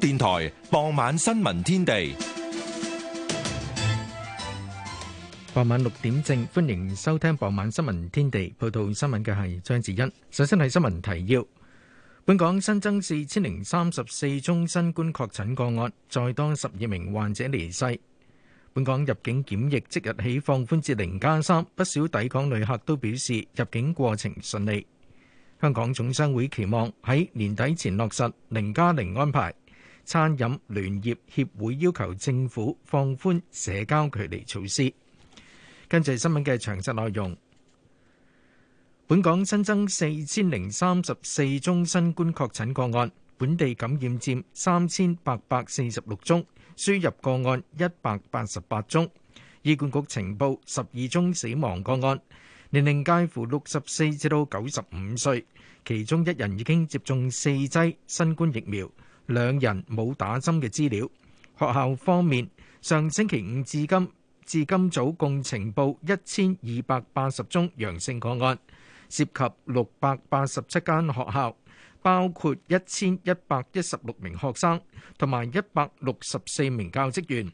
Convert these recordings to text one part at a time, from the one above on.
電台傍晚新聞天地，傍晚六點正，歡迎收聽傍晚新聞天地。報道新聞嘅係張智欣。首先係新聞提要：本港新增四千零三十四宗新冠確診個案，再多十二名患者離世。本港入境檢疫即日起放寬至零加三，不少抵港旅客都表示入境過程順利。香港總商會期望喺年底前落實零加零安排。餐飲聯業協會要求政府放寬社交距離措施。跟住係新聞嘅詳細內容。本港新增四千零三十四宗新冠確診個案，本地感染佔三千八百四十六宗，輸入個案一百八十八宗。醫管局情報十二宗死亡個案，年齡介乎六十四至到九十五歲，其中一人已經接種四劑新冠疫苗。兩人冇打針嘅資料。學校方面，上星期五至今，至今總共呈報一千二百八十宗陽性個案，涉及六百八十七間學校，包括一千一百一十六名學生同埋一百六十四名教職員。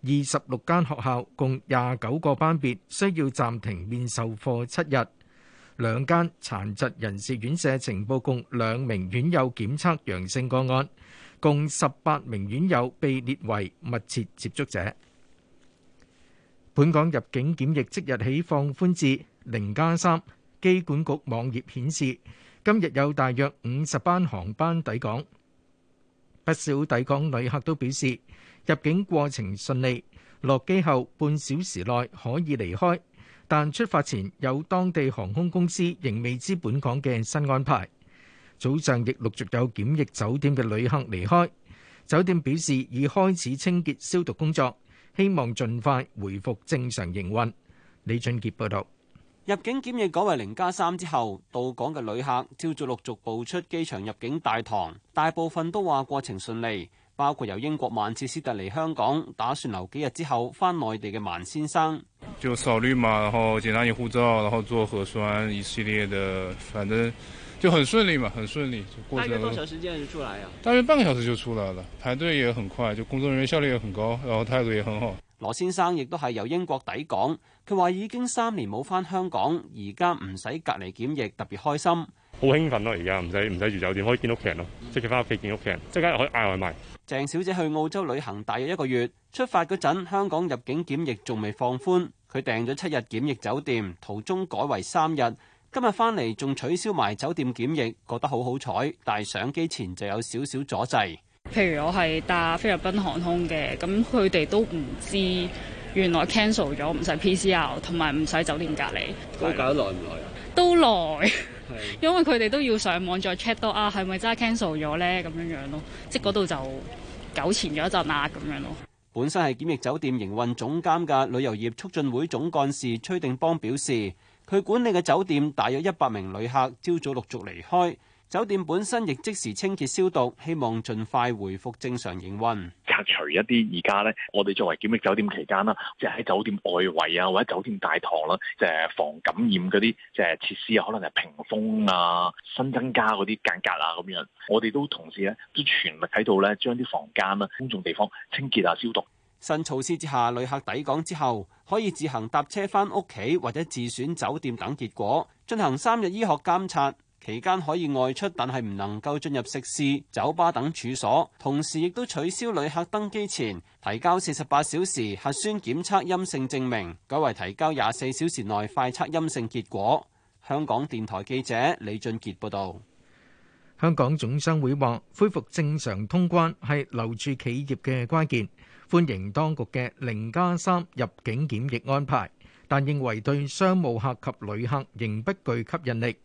二十六間學校共廿九個班別，需要暫停面授課七日。兩間殘疾人士院舍呈報共兩名院友檢測陽性個案，共十八名院友被列為密切接觸者。本港入境檢疫即日起放寬至零加三。機管局網頁顯示，今日有大約五十班航班抵港，不少抵港旅客都表示入境過程順利，落機後半小時內可以離開。但出發前有當地航空公司仍未知本港嘅新安排。早上亦陸續有檢疫酒店嘅旅客離開，酒店表示已開始清潔消毒工作，希望盡快回復正常營運。李俊傑報導，入境檢疫改為零加三之後，到港嘅旅客朝早陸續步出機場入境大堂，大部分都話過程順利，包括由英國曼徹斯特嚟香港打算留幾日之後返內地嘅萬先生。就掃綠碼，然後檢查你護照，然後做核酸，一系列的，反正就很順利嘛，很順利。過程大約多少時間就出來啊？大約半個小時就出來了，排隊也很快，就工作人員效率也很高，然後態度也很好。羅先生亦都係由英國抵港，佢話已經三年冇翻香港，而家唔使隔離檢疫，特別開心。好興奮咯、啊，而家唔使唔使住酒店，可以見屋企人咯，直接翻屋企見屋企人，即刻可以嗌外賣。鄭小姐去澳洲旅行大約一個月，出發嗰陣香港入境檢疫仲未放寬。佢訂咗七日檢疫酒店，途中改為三日，今日返嚟仲取消埋酒店檢疫，覺得好好彩。但係上機前就有少少阻滯，譬如我係搭菲律賓航空嘅，咁佢哋都唔知原來 cancel 咗，唔使 PCR 同埋唔使酒店隔離。都搞得耐唔耐啊？都耐，的因為佢哋都要上網再 check 到，啊，係咪真係 cancel 咗咧？咁樣樣咯，即係嗰度就糾纏咗一陣啊，咁樣咯。本身係檢疫酒店營運總監嘅旅遊業促進會總幹事崔定邦表示，佢管理嘅酒店大約一百名旅客朝早陸續離開。酒店本身亦即時清潔消毒，希望盡快回復正常營運。拆除一啲而家呢，我哋作為檢疫酒店期間啦，就係喺酒店外圍啊，或者酒店大堂啦，即係防感染嗰啲即係設施啊，可能係屏風啊，新增加嗰啲間隔啊咁樣。我哋都同時咧，都全力喺度呢將啲房間啊、公眾地方清潔啊、消毒。新措施之下，旅客抵港之後可以自行搭車翻屋企，或者自選酒店等結果，進行三日醫學監察。期間可以外出，但係唔能夠進入食肆、酒吧等處所。同時亦都取消旅客登機前提交四十八小時核酸檢測陰性證明，改為提交廿四小時內快測陰性結果。香港電台記者李俊杰報道。香港總商會話：恢復正常通關係留住企業嘅關鍵，歡迎當局嘅零加三入境檢疫安排，但認為對商務客及旅客仍不具吸引力。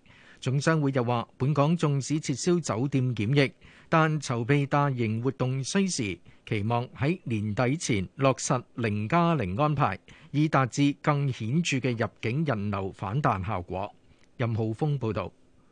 總商會又話，本港縱使撤銷酒店檢疫，但籌備大型活動需時，期望喺年底前落實零加零安排，以達至更顯著嘅入境人流反彈效果。任浩峰報導。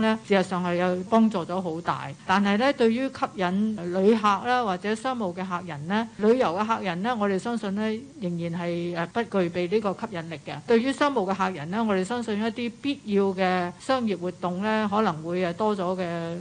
咧事實上係有幫助咗好大，但係咧對於吸引旅客啦或者商務嘅客人咧，旅遊嘅客人咧，我哋相信咧仍然係誒不具備呢個吸引力嘅。對於商務嘅客人咧，我哋相信一啲必要嘅商業活動咧，可能會誒多咗嘅誒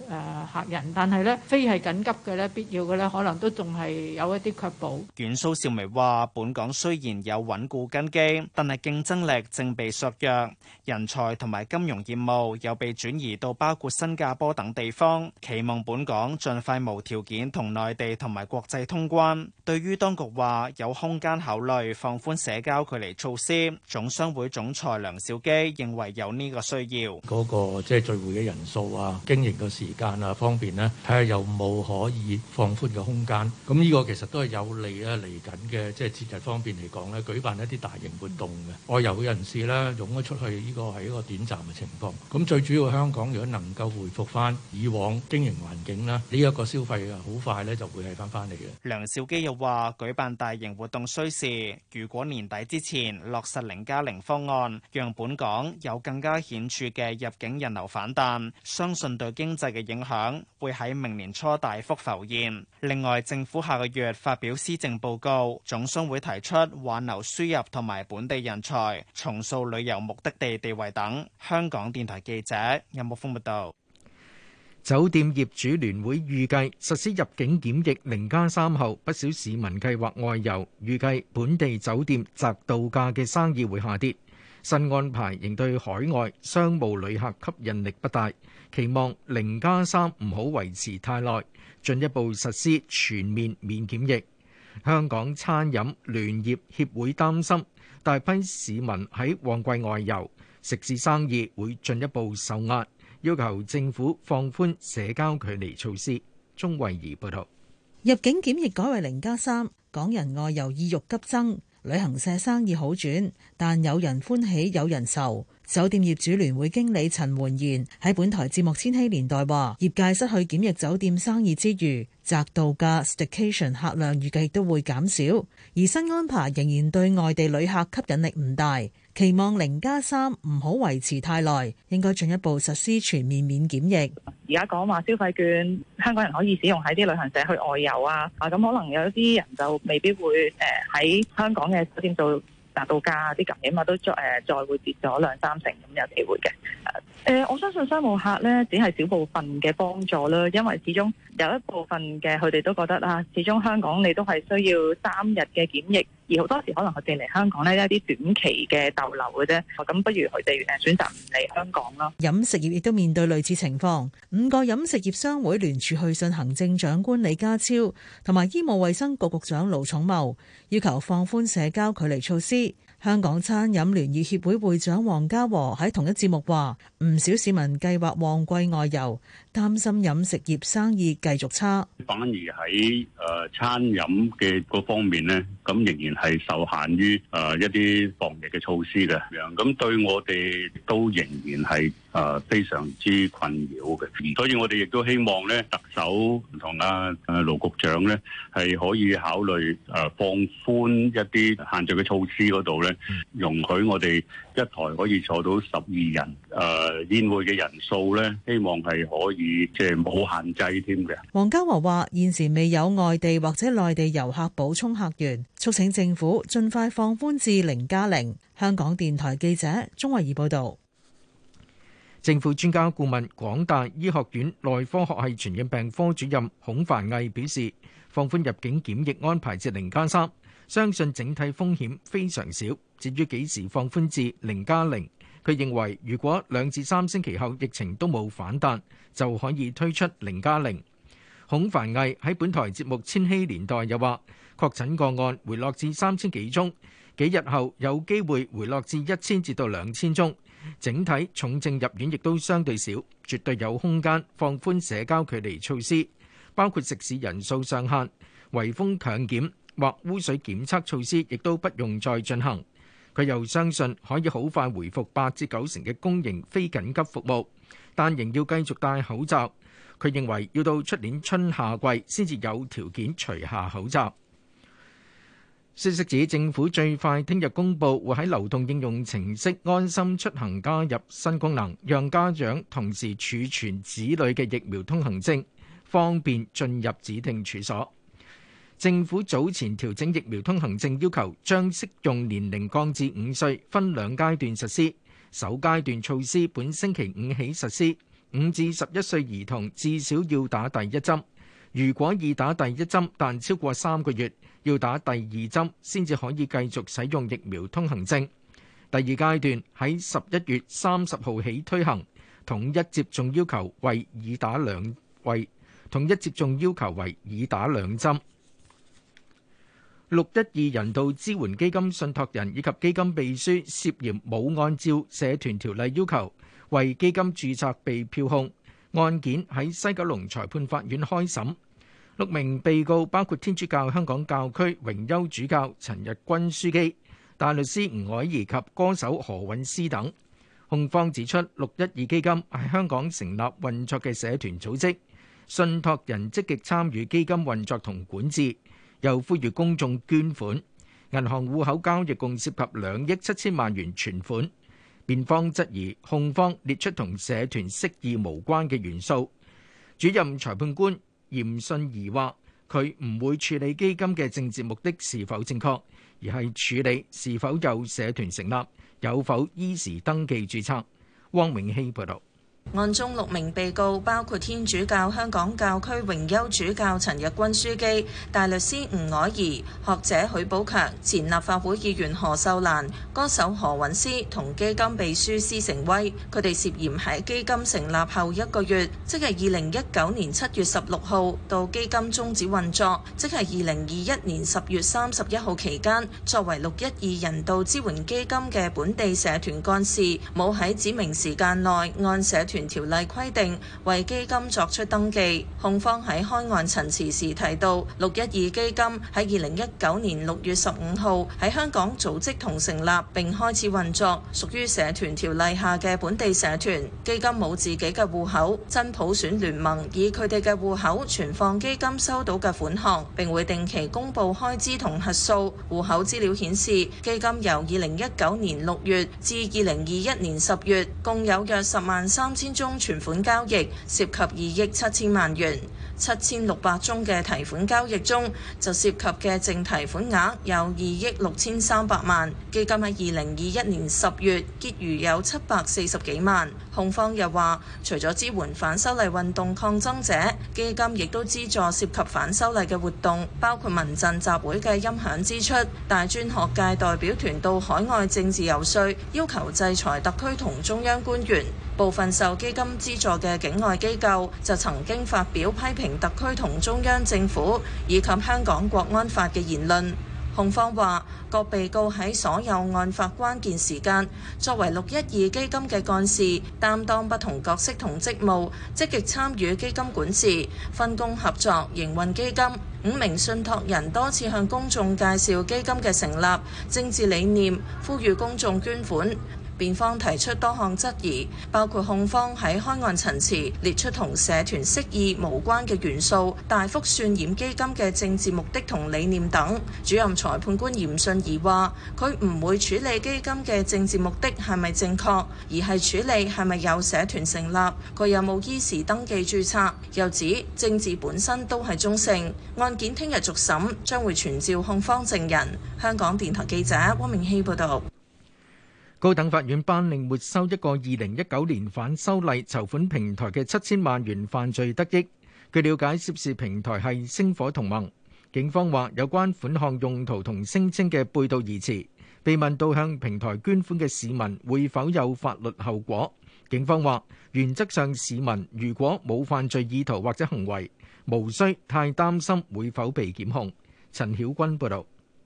客人，但係咧非係緊急嘅咧、必要嘅咧，可能都仲係有一啲卻步。阮蘇少薇話：本港雖然有穩固根基，但係競爭力正被削弱，人才同埋金融業務又被轉移。到包括新加坡等地方，期望本港盡快無條件同內地同埋國際通關。對於當局話有空間考慮放寬社交距離措施，總商會總裁梁兆基認為有呢個需要。嗰個即係聚會嘅人數啊、經營嘅時間啊方面咧，睇下有冇可以放寬嘅空間，咁呢個其實都係有利啊，嚟緊嘅即係節日方面嚟講咧，舉辦一啲大型活動嘅外遊嘅人士咧，湧咗出去，呢個係一個短暫嘅情況，咁最主要香港。如果能夠回復翻以往經營環境啦，呢一個消費啊，好快咧就會係翻翻嚟嘅。梁兆基又話：舉辦大型活動需時，如果年底之前落實零加零方案，讓本港有更加顯著嘅入境人流反彈，相信對經濟嘅影響會喺明年初大幅浮現。另外，政府下個月發表施政報告，總商會提出挽留輸入同埋本地人才，重塑旅遊目的地地位等。香港電台記者任木。封酒店業主聯會預計實施入境檢疫零加三後，不少市民計劃外遊，預計本地酒店及度假嘅生意會下跌。新安排仍對海外商務旅客吸引力不大，期望零加三唔好維持太耐，進一步實施全面免檢疫。香港餐飲聯業協會擔心大批市民喺旺季外遊，食肆生意會進一步受壓。要求政府放寬社交距離措施。鍾慧儀報道，入境檢疫改為零加三，港人外遊意欲急增，旅行社生意好轉，但有人歡喜有人愁。酒店業主聯會經理陳煥賢喺本台節目《千禧年代》話：業界失去檢疫酒店生意之餘，宅度假 Staycation 客量預計都會減少，而新安排仍然對外地旅客吸引力唔大。期望零加三唔好維持太耐，應該進一步實施全面免檢疫。而家講話消費券，香港人可以使用喺啲旅行社去外遊啊！啊，咁、嗯、可能有一啲人就未必會誒喺香港嘅酒店度度假，啲感染率嘛都再誒再會跌咗兩三成咁有機會嘅。誒、嗯，我相信商務客咧只係少部分嘅幫助啦，因為始終有一部分嘅佢哋都覺得啊，始終香港你都係需要三日嘅檢疫。而好多時可能佢哋嚟香港呢一啲短期嘅逗留嘅啫，咁不如佢哋誒選擇唔嚟香港咯。飲食業亦都面對類似情況，五個飲食業商會聯署去信行政長官李家超同埋醫務衛生局局長盧寵茂，要求放寬社交距離措施。香港餐飲聯議協會會，會長黃家和喺同一節目話：唔少市民計劃旺季外遊。擔心飲食業生意繼續差，反而喺誒餐飲嘅嗰方面咧，咁仍然係受限於誒一啲防疫嘅措施嘅，咁樣，咁對我哋都仍然係誒非常之困擾嘅。所以我哋亦都希望咧，特首同阿誒盧局長咧係可以考慮誒放寬一啲限制嘅措施嗰度咧，容許我哋。一台可以坐到十二人，誒宴會嘅人數呢，希望係可以即係冇限制添嘅。黃家華話，現時未有外地或者內地遊客補充客源，促請政府盡快放寬至零加零。香港電台記者鍾慧儀報道。政府專家顧問、廣大醫學院內科學系傳染病科主任孔凡毅表示：放寬入境檢疫安排至零加三，3，相信整體風險非常少。至於幾時放寬至零加零，佢認為如果兩至三星期後疫情都冇反彈，就可以推出零加零。孔繁毅喺本台節目《千禧年代》又話，確診個案回落至三千幾宗，幾日後有機會回落至一千至到兩千宗。整體重症入院亦都相對少，絕對有空間放寬社交距離措施，包括食肆人數上限、圍封強檢或污水檢測措施，亦都不用再進行。佢又相信可以好快恢復八至九成嘅公營非緊急服務，但仍要繼續戴口罩。佢認為要到出年春夏季先至有條件除下口罩。消息指政府最快聽日公布會喺流動應用程式安心出行加入新功能，讓家長同時儲存子女嘅疫苗通行證，方便進入指定處所。政府早前調整疫苗通行證要求，將適用年齡降至五歲，分兩階段實施。首階段措施本星期五起實施，五至十一歲兒童至少要打第一針。如果已打第一針，但超過三個月，要打第二針先至可以繼續使用疫苗通行證。第二階段喺十一月三十號起推行，統一接種要求為已打兩位，統一接種要求為已打兩針。六一二人道支援基金信託人以及基金秘書涉嫌冇按照社團條例要求為基金註冊被票控，案件喺西九龍裁判法院開審。六名被告包括天主教香港教區榮休主教陳日君樞機、大律師吳靄儀及歌手何韻詩等。控方指出，六一二基金係香港成立運作嘅社團組織，信託人積極參與基金運作同管治，又呼籲公眾捐款，銀行戶口交易共涉及兩億七千萬元存款。辯方質疑控方列出同社團適意無關嘅元素。主任裁判官嚴信怡話：佢唔會處理基金嘅政治目的是否正確，而係處理是否有社團成立，有否依時登記註冊。汪永熙報道。案中六名被告包括天主教香港教區榮休主教陳日君樞機、大律師吳靄儀、學者許寶強、前立法會議員何秀蘭、歌手何韻詩同基金秘書施成威。佢哋涉嫌喺基金成立後一個月，即係二零一九年七月十六號到基金終止運作，即係二零二一年十月三十一號期間，作為六一二人道支援基金嘅本地社團幹事，冇喺指明時間內按社團。條例規定為基金作出登記。控方喺開案陳詞時提到，六一二基金喺二零一九年六月十五號喺香港組織同成立，並開始運作，屬於社團條例下嘅本地社團。基金冇自己嘅戶口，真普選聯盟以佢哋嘅戶口存放基金收到嘅款項，並會定期公布開支同核數。戶口資料顯示，基金由二零一九年六月至二零二一年十月，共有約十萬三千。千宗存款交易涉及二億七千萬元，七千六百宗嘅提款交易中就涉及嘅淨提款額有二億六千三百萬，基金喺二零二一年十月結餘有七百四十幾萬。控方又話，除咗支援反修例運動抗爭者，基金亦都資助涉及反修例嘅活動，包括民陣集會嘅音響支出、大專學界代表團到海外政治遊說，要求制裁特區同中央官員。部分受基金資助嘅境外機構就曾經發表批評特區同中央政府以及香港國安法嘅言論。控方話：各被告喺所有案發關鍵時間，作為六一二基金嘅幹事，擔當不同角色同職務，積極參與基金管治、分工合作營運基金。五名信託人多次向公眾介紹基金嘅成立、政治理念，呼籲公眾捐款。辯方提出多項質疑，包括控方喺開案陳詞列出同社團適意無關嘅元素，大幅渲染基金嘅政治目的同理念等。主任裁判官嚴信儀話：佢唔會處理基金嘅政治目的係咪正確，而係處理係咪有社團成立，佢有冇依時登記註冊。又指政治本身都係中性。案件聽日續審，將會傳召控方證人。香港電台記者汪明希報導。高等法院頒令沒收一個2019年反修例籌款平台嘅七千萬元犯罪得益。據瞭解，涉事平台係星火同盟。警方話有關款項用途同聲稱嘅背道而馳。被問到向平台捐款嘅市民會否有法律後果，警方話原則上市民如果冇犯罪意圖或者行為，無需太擔心會否被檢控。陳曉君報道。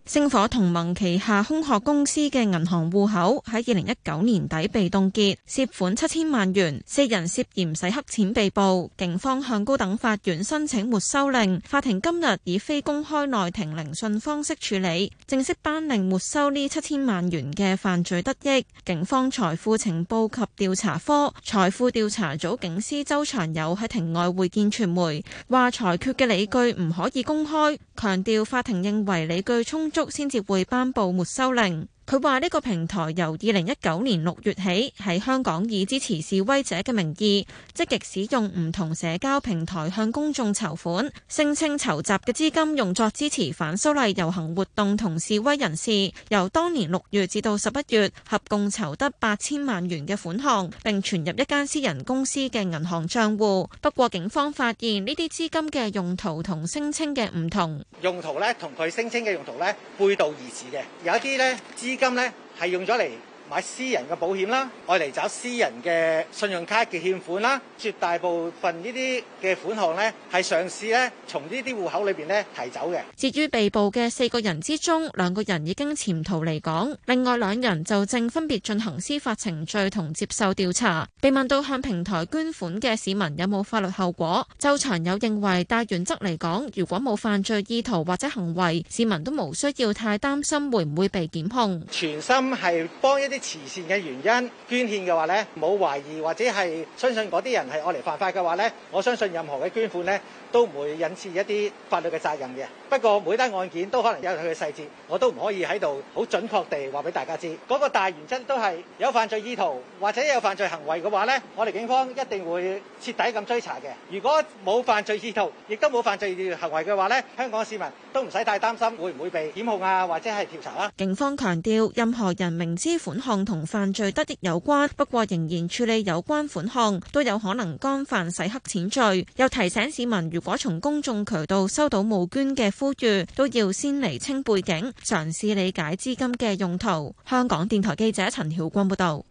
星火同盟旗下空殼公司嘅銀行戶口喺二零一九年底被凍結，涉款七千萬元，四人涉嫌洗黑錢被捕。警方向高等法院申請沒收令，法庭今日以非公開內庭聆訊方式處理，正式頒令沒收呢七千萬元嘅犯罪得益。警方財富情報及調查科財富調查組警司周長友喺庭外會見傳媒，話裁決嘅理據唔可以公開，強調法庭認為理據充足。先至會頒布沒收令。佢話：呢個平台由二零一九年六月起喺香港以支持示威者嘅名義，積極使用唔同社交平台向公眾籌款，聲稱籌集嘅資金用作支持反修例遊行活動同示威人士。由當年六月至到十一月，合共籌得八千萬元嘅款項，並存入一間私人公司嘅銀行賬戶。不過警方發現呢啲資金嘅用途同聲稱嘅唔同，用途呢，同佢聲稱嘅用途呢背道而馳嘅，有一啲呢資金金咧係用咗嚟。 買私人嘅保險啦，愛嚟找私人嘅信用卡嘅欠款啦，絕大部分呢啲嘅款項呢，係嘗試呢，從呢啲戶口裏邊呢，提走嘅。至於被捕嘅四個人之中，兩個人已經潛逃離港，另外兩人就正分別進行司法程序同接受調查。被問到向平台捐款嘅市民有冇法律後果，周長友認為大原則嚟講，如果冇犯罪意圖或者行為，市民都無需要太擔心會唔會被檢控。全心係幫一啲。慈善嘅原因，捐獻嘅話咧，冇懷疑或者係相信嗰啲人係愛嚟犯法嘅話咧，我相信任何嘅捐款咧都唔會引致一啲法律嘅責任嘅。不過每單案件都可能有佢嘅細節，我都唔可以喺度好準確地話俾大家知。嗰個大原則都係有犯罪意圖或者有犯罪行為嘅話呢，我哋警方一定會徹底咁追查嘅。如果冇犯罪意圖，亦都冇犯罪行為嘅話呢，香港市民都唔使太擔心會唔會被檢控啊，或者係調查啦、啊。警方強調，任何人明知款項同犯罪得益有關，不過仍然處理有關款項，都有可能幹犯洗黑錢罪。又提醒市民，如果從公眾渠道收到募捐嘅，呼籲都要先厘清背景，嘗試理解資金嘅用途。香港電台記者陳曉君報道，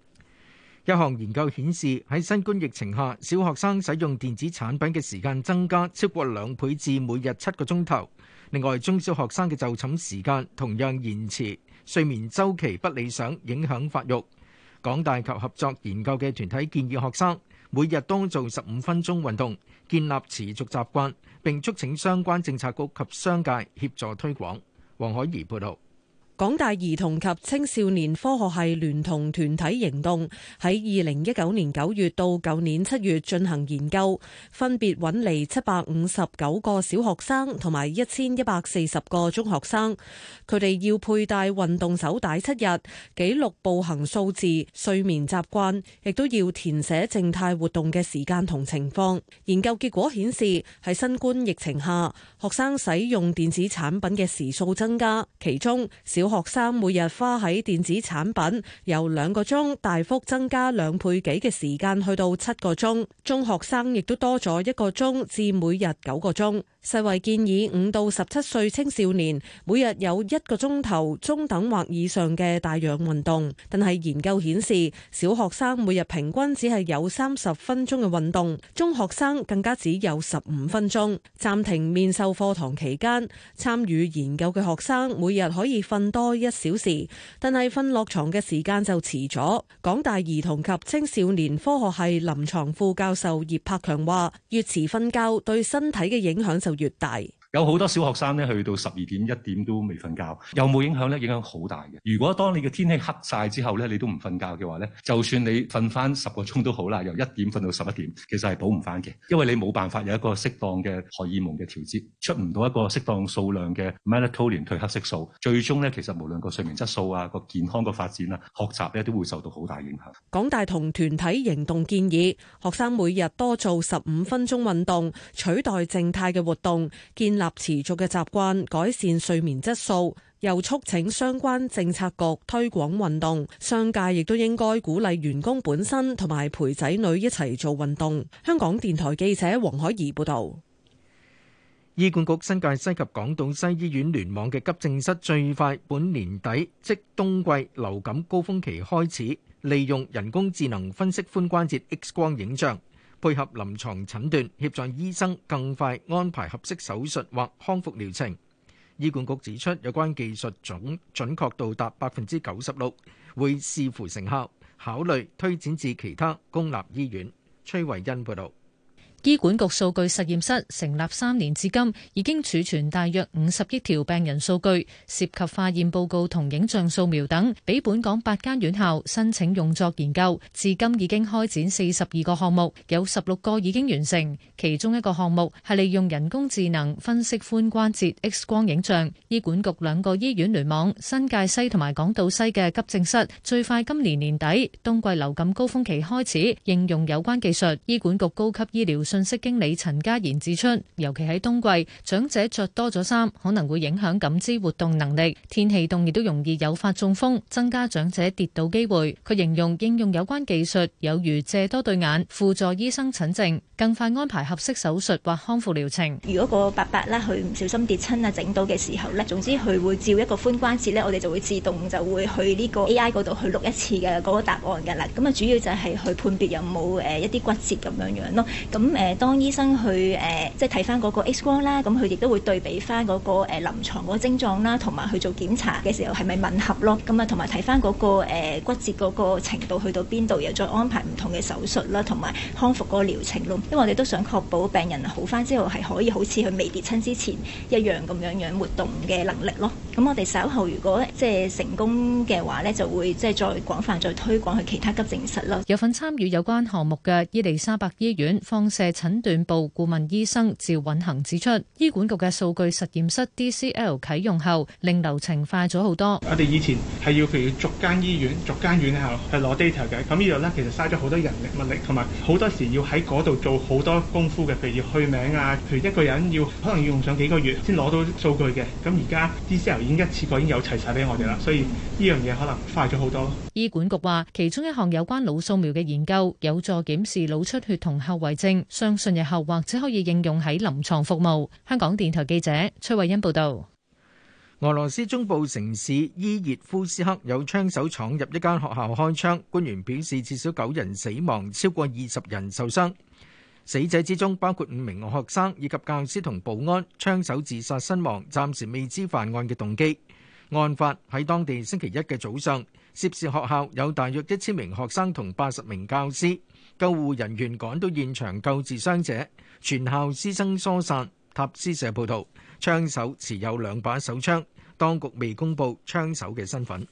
一項研究顯示喺新冠疫情下，小學生使用電子產品嘅時間增加超過兩倍，至每日七個鐘頭。另外，中小學生嘅就寢時間同樣延遲，睡眠週期不理想，影響發育。港大及合作研究嘅團體建議學生每日多做十五分鐘運動。建立持續習慣，並促請相關政策局及商界協助推廣。黃海怡報道。港大兒童及青少年科學系聯同團體行動，喺二零一九年九月到舊年七月進行研究，分別揾嚟七百五十九個小學生同埋一千一百四十個中學生。佢哋要佩戴運動手帶七日，記錄步行數字、睡眠習慣，亦都要填寫靜態活動嘅時間同情況。研究結果顯示，喺新冠疫情下，學生使用電子產品嘅時數增加，其中小學生每日花喺電子產品由兩個鐘大幅增加兩倍幾嘅時間，去到七個鐘。中學生亦都多咗一個鐘，至每日九個鐘。世衛建議五到十七歲青少年每日有一個鐘頭中等或以上嘅帶氧運動，但係研究顯示小學生每日平均只係有三十分鐘嘅運動，中學生更加只有十五分鐘。暫停面授課堂期間，參與研究嘅學生每日可以瞓多一小時，但係瞓落床嘅時間就遲咗。港大兒童及青少年科學系臨床副教授葉柏強話，越遲瞓覺對身體嘅影響，就越大。有好多小學生咧，去到十二點一點都未瞓覺，有冇影響呢？影響好大嘅。如果當你嘅天氣黑晒之後呢，你都唔瞓覺嘅話呢，就算你瞓翻十個鐘都好啦，由一點瞓到十一點，其實係補唔翻嘅，因為你冇辦法有一個適當嘅荷爾蒙嘅調節，出唔到一個適當數量嘅 melatonin 褪黑色素，最終呢，其實無論個睡眠質素啊、個健康個發展啊、學習呢，都會受到好大影響。港大同團體行動建議學生每日多做十五分鐘運動，取代靜態嘅活動，健立持續嘅習慣，改善睡眠質素，又促請相關政策局推廣運動，商界亦都應該鼓勵員工本身同埋陪仔女一齊做運動。香港電台記者黃海怡報道。醫管局新界西及港島西醫院聯網嘅急症室最快本年底即冬季流感高峰期開始，利用人工智能分析髖關節 X 光影像，配合臨床診斷，協助醫生更快安排合適手術或康復療程。醫管局指出，有關技術準準確度達百分之九十六，會視乎成效考慮推展至其他公立醫院。崔慧欣報導。醫管局數據實驗室成立三年至今，已經儲存大約五十億條病人數據，涉及化驗報告同影像掃描等，俾本港八間院校申請用作研究。至今已經開展四十二個項目，有十六個已經完成。其中一個項目係利用人工智能分析髖關節 X 光影像。醫管局兩個醫院聯網，新界西同埋港島西嘅急症室，最快今年年底、冬季流感高峰期開始應用有關技術。醫管局高級醫療信息經理陳家賢指出，尤其喺冬季，長者着多咗衫，可能會影響感知活動能力。天氣凍亦都容易誘發中風，增加長者跌倒機會。佢形容應用有關技術，有如借多對眼，輔助醫生診症，更快安排合適手術或康復療程。如果個伯伯呢，佢唔小心跌親啊，整到嘅時候咧，總之佢會照一個髖關節呢，我哋就會自動就會去呢個 AI 嗰度去錄一次嘅嗰個答案噶啦。咁啊，主要就係去判別有冇誒一啲骨折咁樣樣咯，咁。誒，當醫生去誒，即係睇翻嗰個 X 光啦，咁佢亦都會對比翻嗰個誒臨牀嗰症狀啦，同埋去做檢查嘅時候係咪吻合咯，咁啊，同埋睇翻嗰個骨折嗰個程度去到邊度，又再安排唔同嘅手術啦，同埋康復嗰個療程咯。因為我哋都想確保病人好翻之後係可以好似佢未跌親之前一樣咁樣樣活動嘅能力咯。咁我哋稍後如果即係成功嘅話呢，就會即係再廣泛再推廣去其他急症室咯。有份參與有關項目嘅伊利沙伯醫院放射診斷部顧問醫生趙允恒指出，醫管局嘅數據實驗室 DCL 啟用後，令流程快咗好多。我哋以前係要譬如要逐間醫院、逐間院系去攞 data 嘅，咁呢度咧其實嘥咗好多人力物力，同埋好多時要喺嗰度做好多功夫嘅，譬如去名啊，譬如一個人要可能要用上幾個月先攞到數據嘅。咁而家 DCL 已經一次過已經有齊晒俾我哋啦，所以呢樣嘢可能快咗好多咯。醫管局話，其中一項有關腦掃描嘅研究，有助檢視腦出血同後遺症。相信日後或者可以應用喺臨床服務。香港電台記者崔慧欣報道。俄羅斯中部城市伊熱夫斯克有槍手闖入一間學校開槍，官員表示至少九人死亡，超過二十人受傷。死者之中包括五名學生以及教師同保安。槍手自殺身亡，暫時未知犯案嘅動機。案發喺當地星期一嘅早上，涉事學校有大約一千名學生同八十名教師。救護人員趕到現場救治傷者，全校師生疏散。塔斯社報道，槍手持有兩把手槍，當局未公布槍手嘅身份。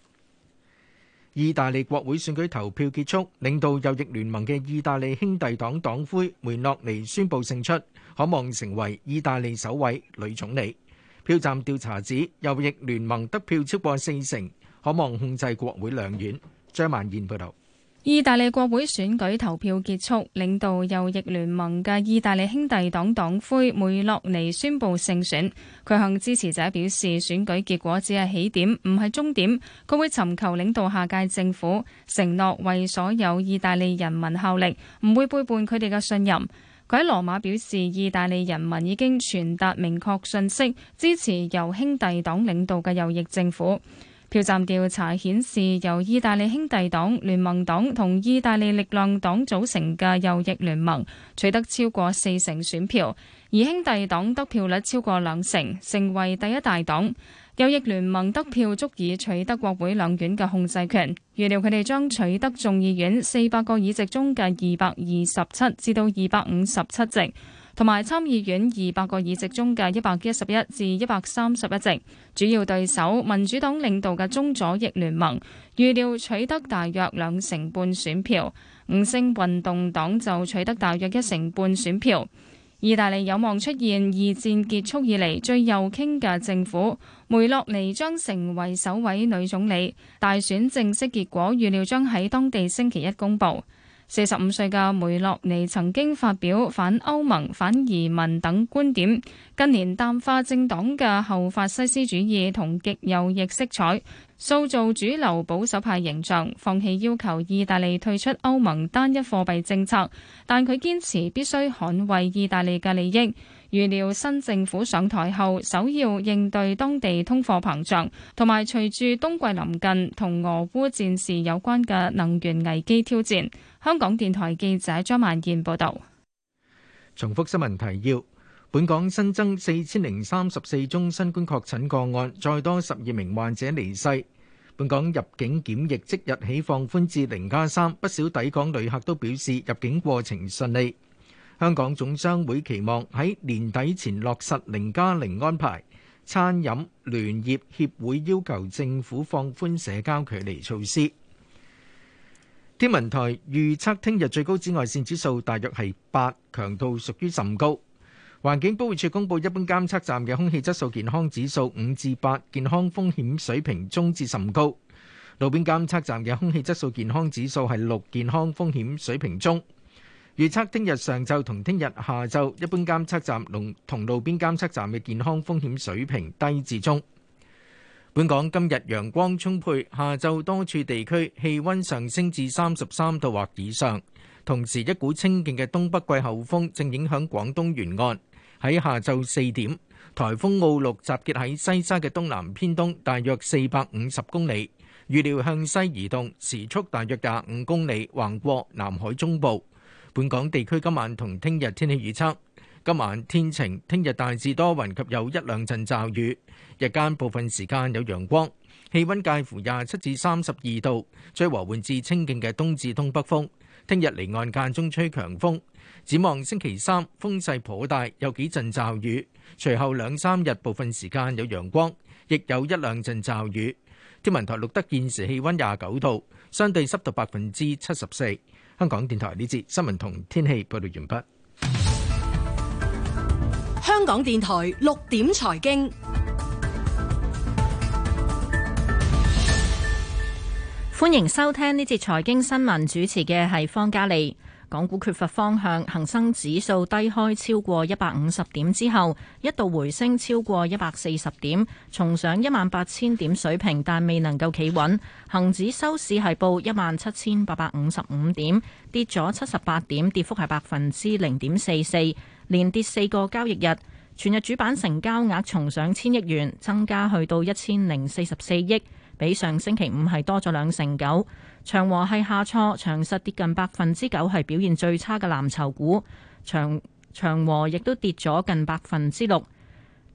意大利國會選舉投票結束，領導右翼聯盟嘅意大利兄弟黨黨魁梅洛尼宣布勝出，可望成為意大利首位女總理。票站調查指右翼聯盟得票超過四成，可望控制國會兩院。張曼燕報道。意大利國會選舉投票結束，領導右翼聯盟嘅意大利兄弟黨黨魁梅洛尼宣布勝選，佢向支持者表示，選舉結果只係起點，唔係終點，佢會尋求領導下屆政府，承諾為所有意大利人民效力，唔會背叛佢哋嘅信任。佢喺羅馬表示，意大利人民已經傳達明確信息，支持由兄弟黨領導嘅右翼政府。票站調查顯示，由意大利兄弟黨、聯盟黨同意大利力量黨組成嘅右翼聯盟取得超過四成選票，而兄弟黨得票率超過兩成，成為第一大黨。右翼聯盟得票足以取得國會兩院嘅控制權，預料佢哋將取得眾議院四百個議席中嘅二百二十七至到二百五十七席。同埋參議院二百個議席中嘅一百一十一至一百三十一席，主要對手民主黨領導嘅中左翼聯盟預料取得大約兩成半選票，五星運動黨就取得大約一成半選票。意大利有望出現二戰結束以嚟最右傾嘅政府，梅洛尼將成為首位女總理。大選正式結果預料將喺當地星期一公佈。四十五歲嘅梅洛尼曾經發表反歐盟、反移民等觀點，近年淡化政黨嘅後法西斯主義同極右翼色彩，塑造主流保守派形象，放棄要求意大利退出歐盟單一貨幣政策，但佢堅持必須捍衛意大利嘅利益。預料新政府上台後，首要應對當地通貨膨脹，同埋隨住冬季臨近同俄烏戰事有關嘅能源危機挑戰。香港電台記者張萬燕報導。重複新聞提要：本港新增四千零三十四宗新冠確診個案，再多十二名患者離世。本港入境檢疫即日起放寬至零加三，不少抵港旅客都表示入境過程順利。香港總商會期望喺年底前落實零加零安排。餐飲聯業協會要求政府放寬社交距離措施。天文台預測聽日最高紫外線指數大約係八，強度屬於甚高。環境保護署公佈一般監測站嘅空氣質素健康指數五至八，健康風險水平中至甚高。路邊監測站嘅空氣質素健康指數係六，健康風險水平中。預測聽日上晝同聽日下晝，一般監測站同同路邊監測站嘅健康風險水平低至中。本港今日陽光充沛，下晝多處地區氣温上升至三十三度或以上。同時，一股清勁嘅東北季候風正影響廣東沿岸。喺下晝四點，台風奧鹿集結喺西沙嘅東南偏東，大約四百五十公里。預料向西移動，時速大約廿五公里，橫過南海中部。本港地區今晚同聽日天氣預測：今晚天晴，聽日大致多雲及有一兩陣驟雨，日間部分時間有陽光，氣温介乎廿七至三十二度，吹和緩至清勁嘅東至東北風。聽日離岸間中吹強風，展望星期三風勢頗大，有幾陣驟雨，隨後兩三日部分時間有陽光，亦有一兩陣驟雨。天文台錄得現時氣溫廿九度，相對濕度百分之七十四。香港電台呢節新聞同天氣報道完畢。香港電台六點財經，歡迎收聽呢節財經新聞，主持嘅係方嘉莉。港股缺乏方向，恒生指數低開超過一百五十點之後，一度回升超過一百四十點，重上一萬八千點水平，但未能夠企穩。恒指收市係報一萬七千八百五十五點，跌咗七十八點，跌幅係百分之零點四四，連跌四個交易日。全日主板成交額重上千億元，增加去到一千零四十四億，比上星期五係多咗兩成九。長和系下挫，長實跌近百分之九，係表現最差嘅藍籌股。長長和亦都跌咗近百分之六。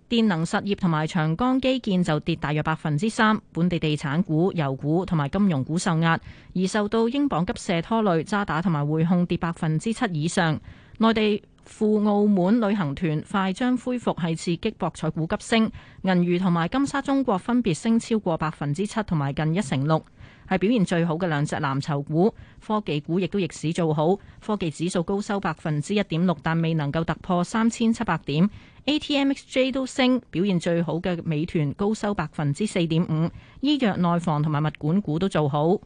電能實業同埋長江基建就跌大約百分之三。本地地產股、油股同埋金融股受壓，而受到英鎊急瀉拖累，渣打同埋匯控跌百分之七以上。內地赴澳門旅行團快將恢復係刺激博彩股急升，銀娛同埋金沙中國分別升超過百分之七同埋近一成六，係表現最好嘅兩隻藍籌股。科技股亦都逆市做好，科技指數高收百分之一點六，但未能夠突破三千七百點。ATMXJ 都升，表現最好嘅美團高收百分之四點五，醫藥內房同埋物管股都做好。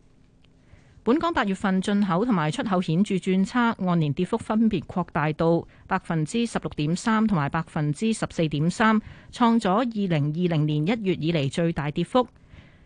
本港八月份進口同埋出口顯著轉差，按年跌幅分別擴大到百分之十六點三同埋百分之十四點三，創咗二零二零年一月以嚟最大跌幅。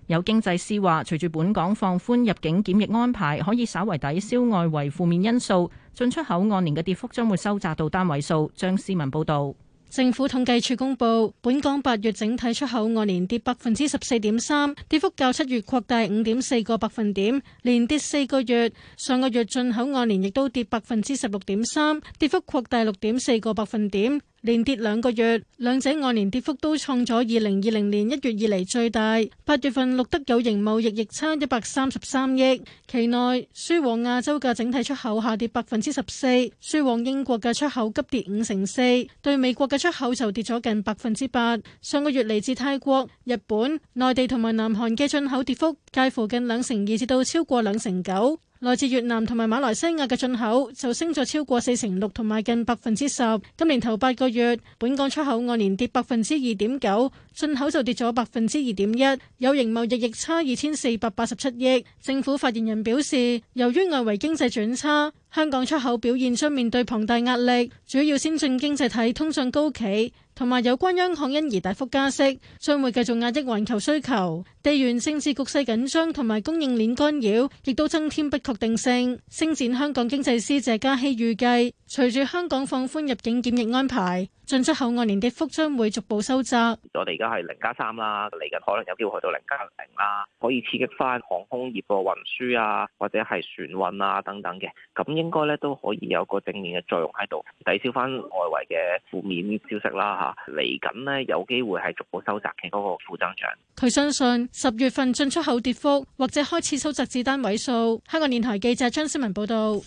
有經濟師話，隨住本港放寬入境檢疫安排，可以稍為抵消外圍負面因素，進出口按年嘅跌幅將會收窄到單位數。張思文報導。政府統計處公布，本港八月整體出口按年跌百分之十四點三，跌幅較七月擴大五點四個百分點，連跌四個月。上個月進口按年亦都跌百分之十六點三，跌幅擴大六點四個百分點。連跌兩個月，兩者按年跌幅都創咗二零二零年一月以嚟最大。八月份錄得有形貿易逆差一百三十三億，期內輸往亞洲嘅整體出口下跌百分之十四，輸往英國嘅出口急跌五成四，對美國嘅出口就跌咗近百分之八。上個月嚟自泰國、日本、內地同埋南韓嘅進口跌幅介乎近兩成二至到超過兩成九。來自越南同埋馬來西亞嘅進口就升咗超過四成六同埋近百分之十。今年頭八個月，本港出口按年跌百分之二點九，進口就跌咗百分之二點一，有形貿易逆差二千四百八十七億。政府發言人表示，由於外圍經濟轉差。香港出口表現將面對龐大壓力，主要先進經濟體通脹高企，同埋有關央行因而大幅加息，將會繼續壓抑環球需求。地緣政治局勢緊張同埋供應鏈干擾，亦都增添不確定性。星展香港經濟師謝嘉熙預計，隨住香港放寬入境檢疫安排，進出口按年跌幅將會逐步收窄。我哋而家係零加三啦，嚟緊可能有機會去到零加零啦，可以刺激返航空業個運輸啊，或者係船運啊等等嘅咁。應該咧都可以有個正面嘅作用喺度，抵消翻外圍嘅負面消息啦嚇。嚟緊咧有機會係逐步收窄嘅嗰個負增長。佢相信十月份進出口跌幅或者開始收窄至單位數。香港電台記者張思文報道。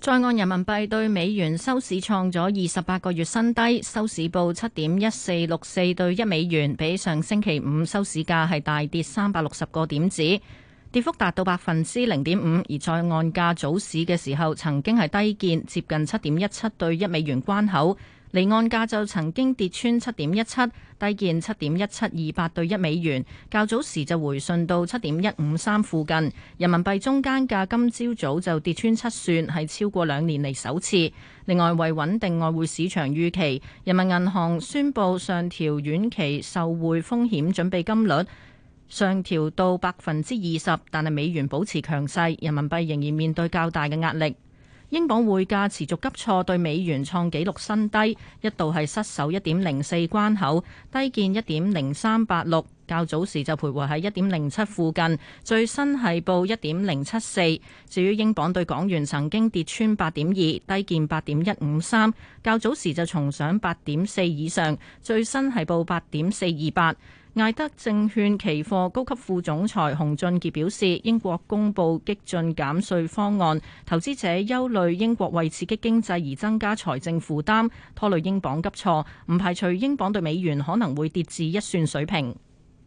在岸人民幣對美元收市創咗二十八個月新低，收市報七點一四六四對一美元，比上星期五收市價係大跌三百六十個點子。跌幅達到百分之零點五，而在岸價早市嘅時候，曾經係低見接近七點一七對一美元關口，離岸價就曾經跌穿七點一七，低見七點一七二八對一美元，較早時就回順到七點一五三附近。人民幣中間價今朝早就跌穿七算，係超過兩年嚟首次。另外，為穩定外匯市場預期，人民銀行宣布上調遠期售匯風險準備金率。上調到百分之二十，但係美元保持強勢，人民幣仍然面對較大嘅壓力。英鎊匯價持續急挫，對美元創紀錄新低，一度係失守一點零四關口，低見一點零三八六。較早時就徘徊喺一點零七附近，最新係報一點零七四。至於英鎊對港元，曾經跌穿八點二，低見八點一五三。較早時就重上八點四以上，最新係報八點四二八。艾德證券期貨高級副總裁洪俊傑表示，英國公布激進減稅方案，投資者憂慮英國為刺激經濟而增加財政負擔，拖累英鎊急挫，唔排除英鎊兌美元可能會跌至一算水平。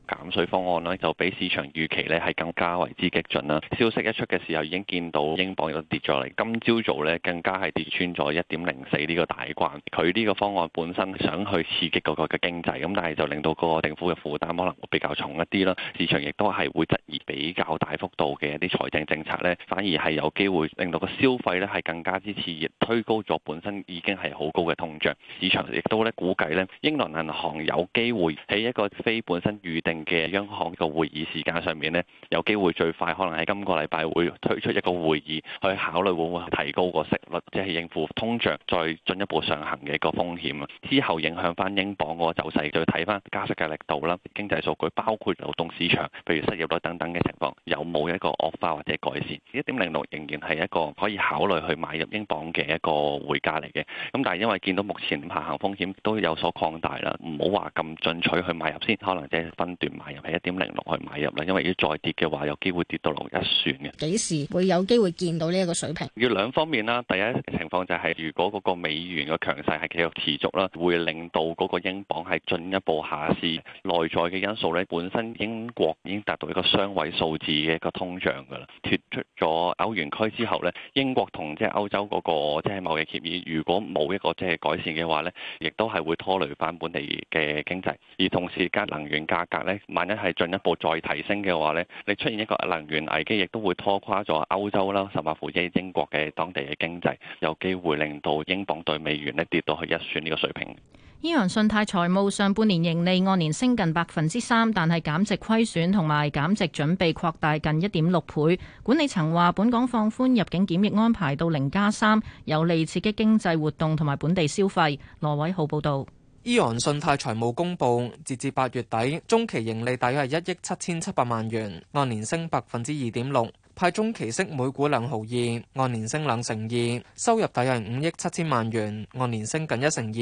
減稅方案呢，就比市場預期呢係更加為之激進啦。消息一出嘅時候已經見到英鎊都跌咗嚟，今朝早呢，更加係跌穿咗一點零四呢個大關。佢呢個方案本身想去刺激嗰個嘅經濟，咁但係就令到個政府嘅負擔可能會比較重一啲啦。市場亦都係會質疑比較大幅度嘅一啲財政政策呢反而係有機會令到個消費呢係更加之刺激，推高咗本身已經係好高嘅通脹。市場亦都呢，估計呢，英倫銀行有機會喺一個非本身預定。嘅央行嘅會議時間上面咧，有機會最快可能喺今個禮拜會推出一個會議去考慮會唔會提高個息率，即係應付通脹再進一步上行嘅一個風險啊。之後影響翻英鎊個走勢，再睇翻加息嘅力度啦、經濟數據包括流動市場，譬如失業率等等嘅情況，有冇一個惡化、er、或者改善？一點零六仍然係一個可以考慮去買入英鎊嘅一個匯價嚟嘅。咁但係因為見到目前下行風險都有所擴大啦，唔好話咁進取去買入先，可能即係分買入係一點零六去買入啦，因為如果再跌嘅話，有機會跌到落一算嘅。幾時會有機會見到呢一個水平？要兩方面啦，第一情況就係如果嗰個美元嘅強勢係繼續持續啦，會令到嗰個英鎊係進一步下市。內在嘅因素咧，本身英國已經達到一個雙位數字嘅一個通脹㗎啦。脫出咗歐元區之後咧，英國同即係歐洲嗰個即係貿易協議，如果冇一個即係改善嘅話咧，亦都係會拖累翻本地嘅經濟。而同時間能源價格咧。萬一係進一步再提升嘅話呢，你出現一個能源危機，亦都會拖垮咗歐洲啦、甚至乎英國嘅當地嘅經濟，有機會令到英鎊對美元咧跌到去一算呢個水平。伊洋信貸財務上半年盈利按年升近百分之三，但係減值虧損同埋減值準備擴大近一點六倍。管理層話本港放寬入境檢疫安排到零加三，3，有利刺激經濟活動同埋本地消費。羅偉浩報導。依昂信泰財務公布，截至八月底中期盈利大約係一億七千七百萬元，按年升百分之二點六，派中期息每股兩毫二，按年升兩成二。收入大約係五億七千萬元，按年升近一成二。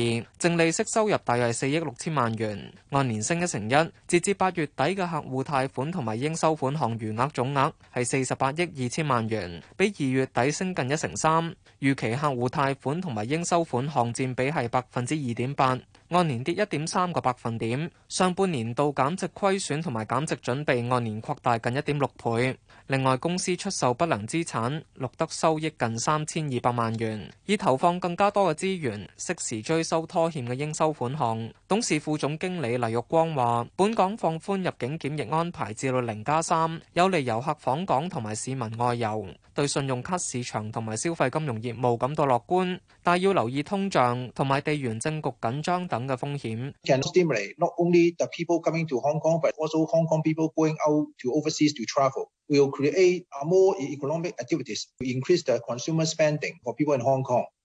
淨利息收入大約係四億六千萬元，按年升一成一。截至八月底嘅客戶貸款同埋應收款項餘額總額係四十八億二千萬元，比二月底升近一成三。預期客戶貸款同埋應收款項佔比係百分之二點八。按年跌一點三個百分點，上半年度減值虧損同埋減值準備按年擴大近一點六倍。另外，公司出售不良資產，錄得收益近三千二百萬元，以投放更加多嘅資源，適時追收拖欠嘅應收款項。董事副總經理黎玉光話：本港放寬入境檢疫安排至到零加三，3，有利遊客訪港同埋市民外遊。對信用卡市場同埋消費金融業務感到樂觀，但要留意通脹同埋地緣政局緊張等嘅風險。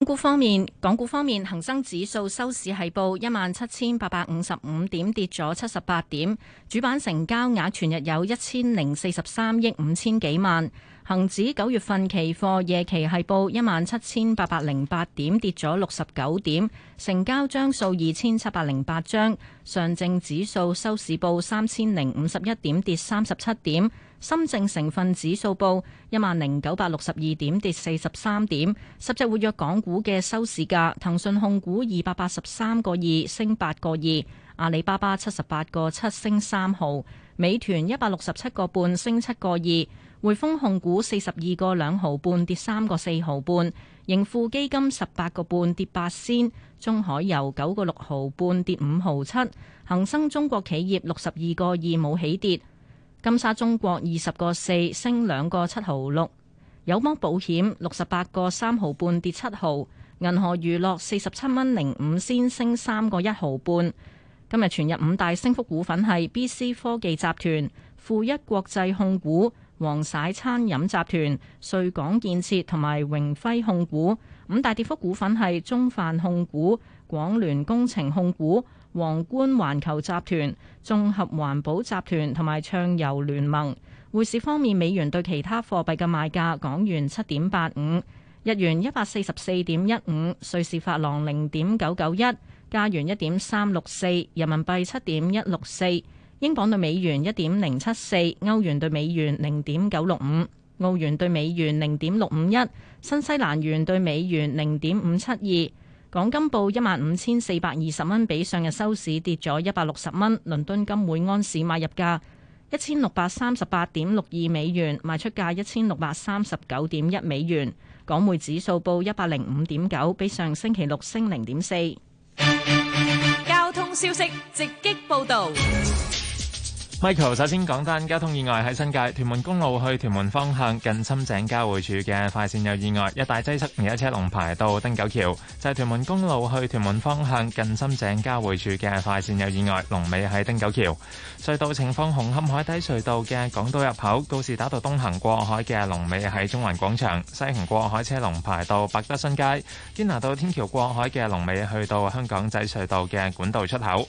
港股方面，港股方面，恒生指數收市係報一萬七千八百五十五點，跌咗七十八點。主板成交額全日有一千零四十三億五千幾萬。恒指九月份期貨夜期係報一萬七千八百零八點，跌咗六十九點，成交張數二千七百零八張。上證指數收市報三千零五十一點，跌三十七點。深證成分指數報一萬零九百六十二點，跌四十三點。十隻活躍港股嘅收市價：騰訊控股二百八十三個二，升八個二；阿里巴巴七十八個七，升三毫；美團一百六十七個半，升七個二；匯豐控股四十二個兩毫半，跌三個四毫半；盈富基金十八個半，跌八仙；中海油九個六毫半，跌五毫七；恒生中國企業六十二個二，冇起跌。金沙中國二十個四，升兩個七毫六，友邦保險六十八個三毫半，跌七毫，銀河娛樂四十七蚊零五先，升三個一毫半。今日全日五大升幅股份係 BC 科技集團、富一國際控股、皇璽餐飲集團、瑞港建設同埋榮輝控股。五大跌幅股份係中泛控股、廣聯工程控股、皇冠環球集團、綜合環保集團同埋暢遊聯盟。匯市方面，美元對其他貨幣嘅賣價：港元七點八五，日元一百四十四點一五，瑞士法郎零點九九一，加元一點三六四，人民幣七點一六四，英鎊對美元一點零七四，歐元對美元零點九六五，澳元對美元零點六五一，新西蘭元對美元零點五七二。港金報一萬五千四百二十蚊，比上日收市跌咗一百六十蚊。倫敦金每安士買入價一千六百三十八點六二美元，賣出價一千六百三十九點一美元。港匯指數報一百零五點九，比上星期六升零點四。交通消息直擊報道。Michael 首先講單交通意外，喺新界屯門公路去屯門方向近深井交匯處嘅快線有意外，一大擠塞，而一車龍排到汀九橋。就係、是、屯門公路去屯門方向近深井交匯處嘅快線有意外，龍尾喺汀九橋。隧道情況，紅磡海底隧道嘅港島入口，告士打道東行過海嘅龍尾喺中環廣場，西行過海車龍排到百德新街，堅拿道天橋過海嘅龍尾去到香港仔隧道嘅管道出口。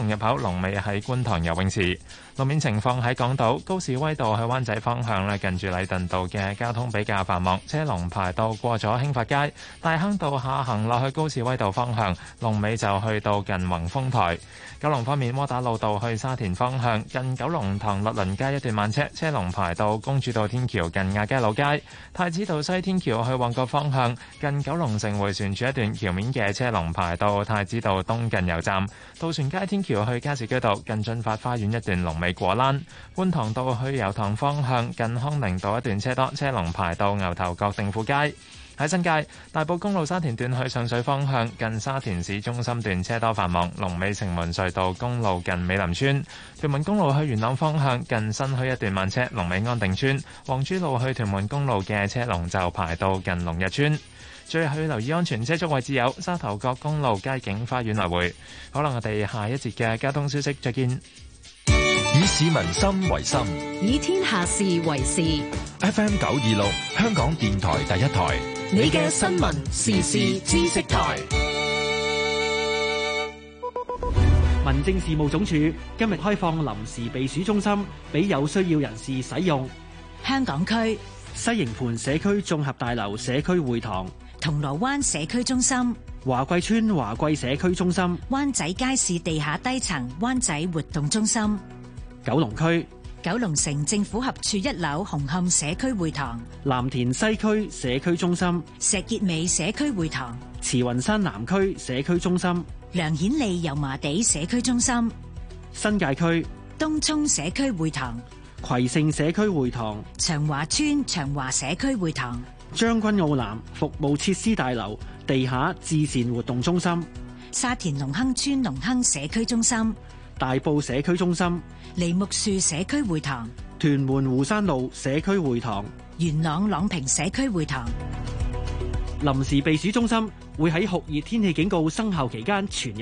入口龍尾喺觀塘游泳池。路面情況喺港島高士威道去灣仔方向咧，近住禮頓道嘅交通比較繁忙，車龍排到過咗興發街、大坑道下行落去高士威道方向，龍尾就去到近宏豐台。九龍方面，窩打老道去沙田方向，近九龍塘立倫街一段慢車，車龍排到公主道天橋近亞皆老街。太子道西天橋去旺角方向，近九龍城回旋處一段橋面嘅車龍排到太子道東近油站、渡船街天。橋去加士居道近駿發花園一段龍尾果欄；觀塘道去油塘方向近康寧道一段車多，車龍排到牛頭角定富街。喺新界大埔公路沙田段去上水方向近沙田市中心段車多繁忙；龍尾城門隧道公路近美林村；屯門公路去元朗方向近新墟一段慢車龍尾安定村；黃珠路去屯門公路嘅車龍就排到近龍日村。最後要留意安全車速位置有沙頭角公路街景花園來回。可能我哋下一節嘅交通消息再見。以市民心為心，以天下事為事。F M 九二六，香港電台第一台，你嘅新聞，新聞時事知識台。民政事務總署今日開放臨時避暑中心，俾有需要人士使用。香港區西營盤社區綜合大樓社區會堂、，銅鑼灣社區中心、華貴村華貴社區中心、灣仔街市地下低層灣仔活動中心、九龍區九龍城政府合署一樓紅磡社區會堂、藍田西區社區中心、石硤尾社區會堂、慈雲山南區社區中心、梁顯利油麻地社區中心、新界區東涌社區會堂、葵盛社區會堂、長華村長華社區會堂。將軍澳南服務設施大樓地下慈善活動中心、沙田隆亨村隆亨社區中心、大埔社區中心、梨木樹社區會堂、屯門湖山路社區會堂、元朗朗屏社區會堂、臨時避暑中心會喺酷熱天氣警告生效期間全。